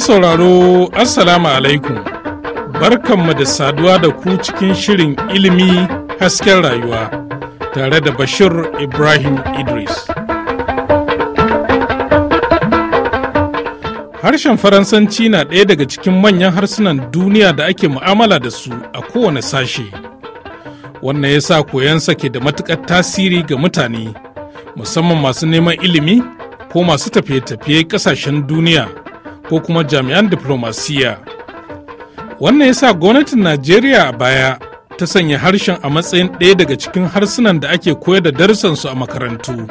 sauraro assalamu alaikum barkanmu da saduwa da ku cikin shirin ilimi hasken rayuwa tare da bashir ibrahim idris harshen faransanci na ɗaya daga cikin manyan harsunan duniya da ake mu'amala da su a kowane sashe wannan ya sa koyansa ke da matuƙar tasiri ga mutane musamman masu neman ilimi ko masu tafiye-tafiye ƙasashen duniya ko kuma jami'an diplomasiya wannan ya sa gwamnatin najeriya a baya ta sanya harshen a matsayin ɗaya daga cikin harsunan da ake koyar da su a makarantu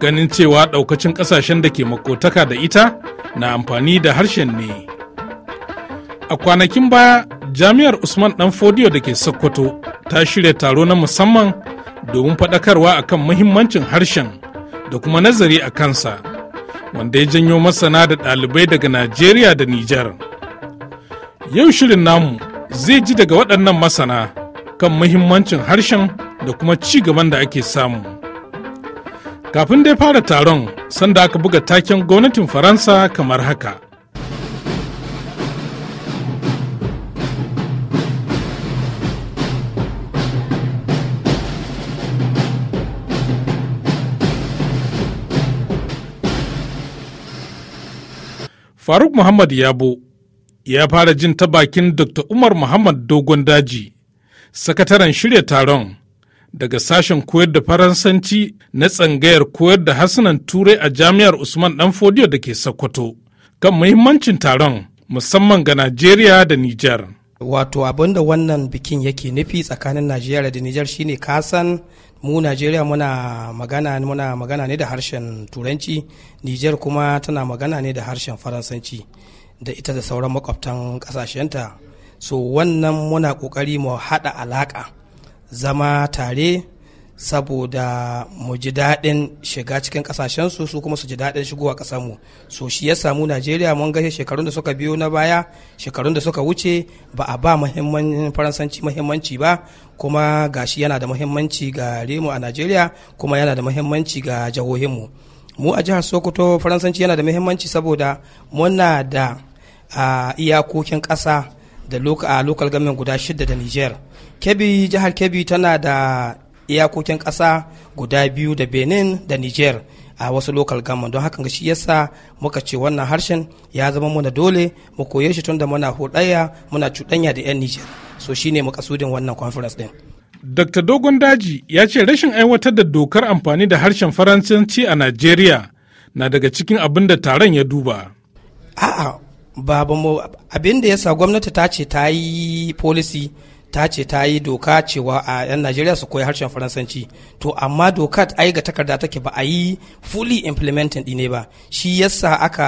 ganin cewa ɗaukacin ƙasashen da ke makotaka da ita na amfani da harshen ne a kwanakin baya jami'ar usman dan fodiyo da ke sokoto ta shirya taro na musamman domin faɗakarwa akan muhimmancin harshen da kuma nazari a kansa wanda ya janyo masana da ɗalibai daga Najeriya da Nijar. Yau shirin namu zai ji daga waɗannan masana kan muhimmancin harshen da kuma ci gaban da ake samu. Kafin dai fara taron sanda aka buga taken gwamnatin Faransa kamar haka. faruk muhammad yabo ya fara jin ta bakin dr umar muhammad dogon daji sakataren shirya taron daga sashen koyar da faransanci na tsangayar koyar da hasunan turai a jami'ar usman dan fodiyo da ke sokoto kan muhimmancin taron musamman ga najeriya da nijar wato abinda wannan bikin yake nufi tsakanin najeriya da nijar shine kasan mu najeriya muna magana muna magana ne da harshen turanci niger kuma tana magana ne da harshen faransanci da ita da sauran makwabtan kasashenta so wannan muna kokari mu haɗa alaƙa zama tare saboda mu ji daɗin shiga cikin ƙasashensu su kuma su ji daɗin shigowa ƙasarmu so shi ya samu najeriya mun ga shekarun da suka biyo na baya shekarun da suka wuce ba a ba muhimmancin faransanci muhimmanci ba kuma gashi yana da muhimmanci ga remu a najeriya kuma yana da muhimmanci ga jihohinmu mu a jihar sokoto faransanci yana da muhimmanci saboda muna da iyakokin ƙasa da a local government guda shida da niger kebbi jihar kebbi tana da iyakokin ƙasa guda biyu da benin da niger a wasu lokal gama don haka shi yasa muka ce wannan harshen ya zama muna dole mu koye shi tunda muna hudaya muna cuɗanya da 'yan niger so shine makasudin wannan conference din dr dogon daji ya ce rashin aiwatar da dokar amfani da harshen faransanci a nigeria na daga cikin abin da taron ya duba a'a babu abin da yasa gwamnati ta ce ta yi policy ta ce ta yi doka cewa a 'yan najeriya su koyi harshen faransanci to amma doka ai ga takarda take ba a yi fully implementing ɗine ba shi yasa aka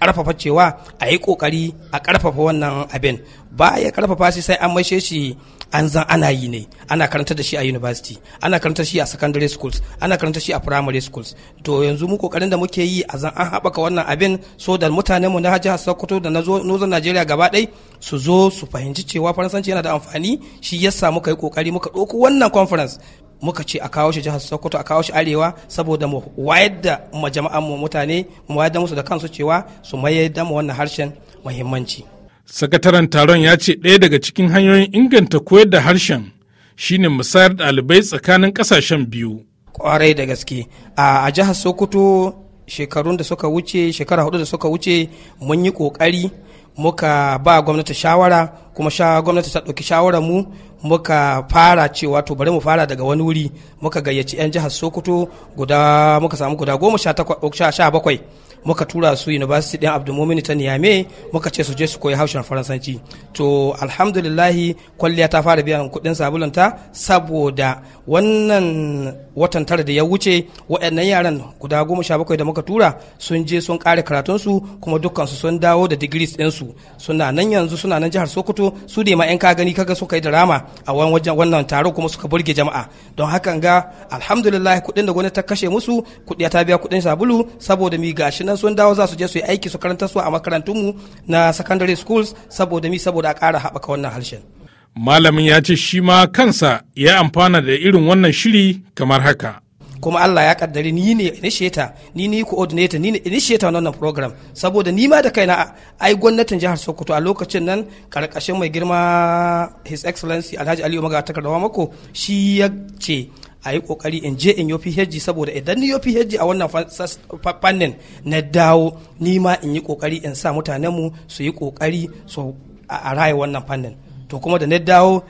karfafa cewa a yi kokari a karfafa wannan abin ba ya karfafa shi sai an maishe shi an zan ana yi ne ana karanta da shi a university ana karanta shi a secondary schools ana karanta shi a primary schools to yanzu mu kokarin da muke yi a zan an haɓaka wannan abin so da mutanenmu na jihar sokoto da na nozon najeriya gaba ɗai su zo su fahimci cewa faransanci yana da amfani shi yasa muka yi kokari muka ɗauko wannan conference muka ce a kawo shi jihar sokoto a kawo shi arewa saboda mu wayar da mu jama'an mu mutane mu wayar da musu da kansu cewa su mayar da mu wannan harshen muhimmanci sakataren taron ya ce ɗaya daga cikin hanyoyin inganta koyar da harshen shine musayar ɗalibai tsakanin kasashen biyu kwarai da gaske a jihar sokoto shekarun da suka wuce shekara hudu da suka wuce mun yi ƙoƙari muka ba gwamnati shawara kuma sha gwamnati ta ɗauki shawara mu muka fara cewa to bari mu fara daga wani wuri muka gayyaci 'yan jihar sokoto guda muka samu guda goma sha bakwai muka tura su university din abdulmumin ta niyame muka ce su je su koyi haushen faransanci to alhamdulillahi kwalliya ta fara biyan kuɗin sabulanta saboda wannan watan tara da ya wuce waɗannan yaran guda goma sha bakwai da muka tura sun je sun ƙare karatunsu kuma dukkansu sun dawo da degrees ɗinsu suna nan yanzu suna nan jihar sokoto su dai ma 'yan ka gani kaga suka yi drama a wannan taro kuma suka burge jama'a don hakan ga alhamdulillahi kuɗin da gwamnati ta kashe musu kuɗi ta biya kuɗin sabulu saboda mi gashi nan sun dawo za su je su yi aiki su karanta su a mu na secondary schools saboda mi saboda a ƙara haɓaka wannan harshen. Malamin ya ce shi ma kansa ya amfana da irin wannan shiri kamar haka. kuma Allah ya kaddare ni ne initiator ni ne coordinator ni ne initiator wannan program saboda ni ma da kaina ai gwamnatin jihar Sokoto a lokacin nan karkashin mai girma his excellency Alhaji Aliyu Maga mako shi ya ce a yi kokari in je in yi saboda idan ni yi a wannan fannin na dawo ni ma in yi kokari in sa mutanenmu su yi kokari su a raye wannan fannin to kuma da na dawo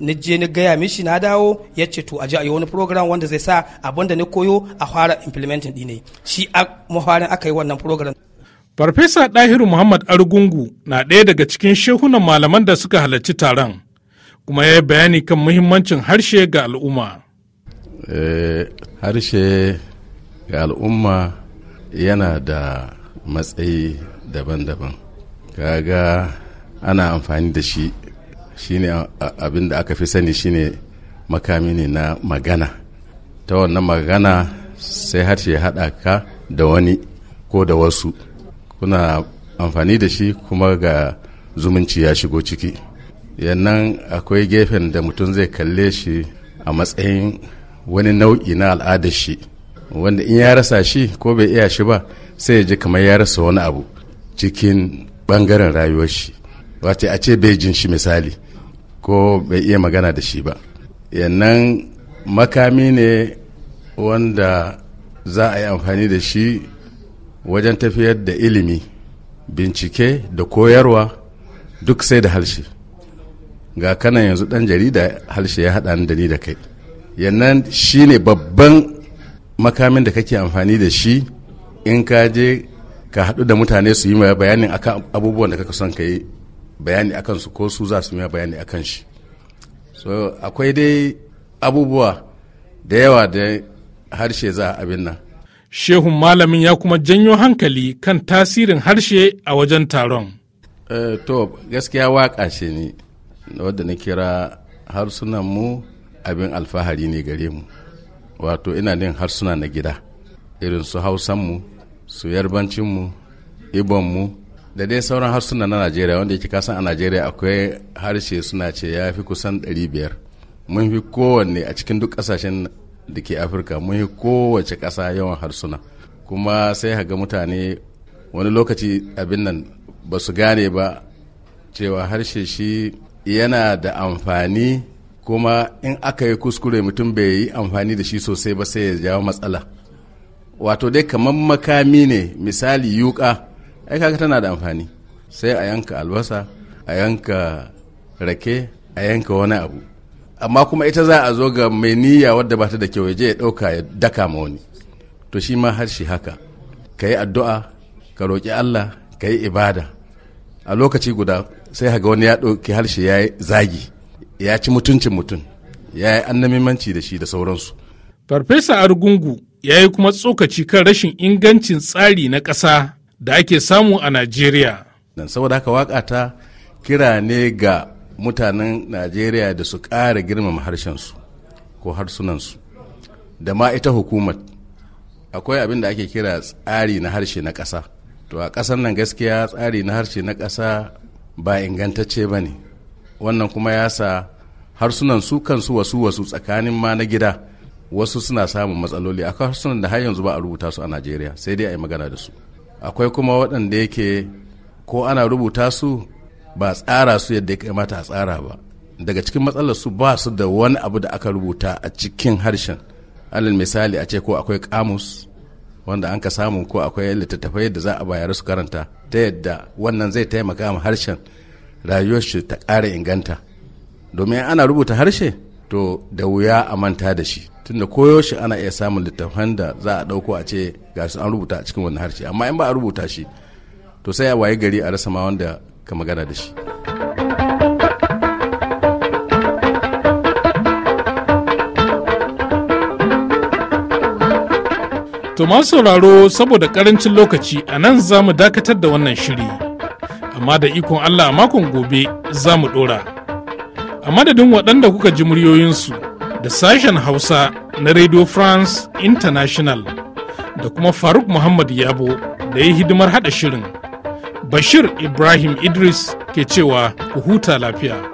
na je ni gaya mishi na dawo ya ce to a ji a yi wani program wanda zai sa abin da ni koyo a fara implementing ɗine shi a mafarin aka yi wannan program Farfesa Ɗahiru Muhammad Argungu na ɗaya daga cikin shehunan malaman da suka halarci taron, kuma ya yi bayani kan muhimmancin harshe ga al'umma. Eh, harshe ga al'umma yana da matsayi daban-daban kaga ana amfani da shi shine abin da aka fi sani shine makami ne na magana ta wannan magana sai harshe haɗa ka da wani ko da wasu kuna amfani da shi kuma ga zumunci ya shigo ciki yannan akwai gefen da mutum zai kalle shi a matsayin wani nau'i na al'adar shi wanda in ya rasa shi ko bai iya shi ba sai ya ji kamar ya rasa wani abu cikin bangaren rayuwar shi wace a ce bai jin shi misali ko bai iya magana da shi ba yannan makami ne wanda za a yi amfani da shi wajen tafiyar da ilimi bincike da koyarwa duk sai da halshe ga kanan yanzu dan jarida halshe ya haɗa ni da ni da kai yannan shi ne babban makamin da kake amfani da shi in ka je ka haɗu da mutane su yi mai bayanin akan abubuwan da kaka son ka yi bayani akan su ko su za su yi bayani akan shi so akwai dai abubuwa da yawa da harshe za a abin nan shehun malamin ya kuma janyo hankali kan tasirin harshe a wajen taron eh, to gaskiya waka ce ne wadda na kira harsunan mu abin alfahari ne gare mu wato ina nin harsuna na gida irin su hausanmu su yarbancinmu ibonmu da dai sauran harsuna na najeriya wanda yake kasan a najeriya akwai harshe suna ce ya fi kusan 500 mun fi kowanne a cikin duk kasashen da ke afirka mun fi kowace ƙasa yawan harsuna kuma sai ga mutane wani lokaci abin nan ba su gane ba cewa harshe shi yana da amfani kuma in aka yi kuskure mutum bai yi amfani da shi sosai ba sai ya jawo matsala wato dai kamar makami ne misali yuka ai kaga tana da amfani sai a yanka albasa a yanka rake a yanka wani abu amma kuma ita za a zo ga mai niyya wadda ba ta da kyau ya je ya ɗauka ya daka ma wani to shi ma har shi haka ka yi addu'a ka roƙi allah ka yi ibada a lokaci guda sai haga wani ya ɗauki harshe ya zagi ya ci mutuncin mutum ya yi annamimanci da shi da sauransu farfesa argungu ya yi kuma tsokaci kan rashin ingancin tsari na ƙasa da ake samu a najeriya dan saboda haka waka ta kira ne ga mutanen najeriya da su ƙara girmama harshensu ko harsunansu da ma ita hukumar akwai abin da ake kira tsari na harshe na ƙasa to a ƙasar nan gaskiya tsari na harshe na ƙasa ba ingantacce ba ne wannan kuma ya sa harsunan su kansu wasu wasu tsakanin ma na gida wasu suna samun matsaloli akwai harsunan da har yanzu ba a rubuta su a najeriya sai dai a yi magana da su akwai kuma waɗanda yake ko ana rubuta su ba tsara su yadda ya kamata a tsara ba daga cikin matsalar su ba su da wani abu da aka rubuta a cikin harshen alal misali a ce ko akwai kamus wanda an ka samu ko akwai littattafai da za a bayar su karanta ta yadda wannan zai taimaka ma harshen rayuwar shi ta ƙara inganta domin ana rubuta harshe to da wuya a manta da shi tunda koyo shi ana iya samun littafan da za a ɗauko a ce ga su an rubuta a cikin wani harshe amma in ba a rubuta shi to sai a waye gari a rasa ma wanda ka magana da shi To masu sauraro saboda karancin lokaci a nan za mu dakatar da wannan shiri amma da ikon Allah a makon gobe za mu ɗora. A madadin waɗanda kuka ji muryoyinsu da sashen Hausa na Radio France International da kuma Faruk Muhammad Yabo da ya hidimar haɗa shirin. Bashir Ibrahim Idris ke cewa ku huta lafiya.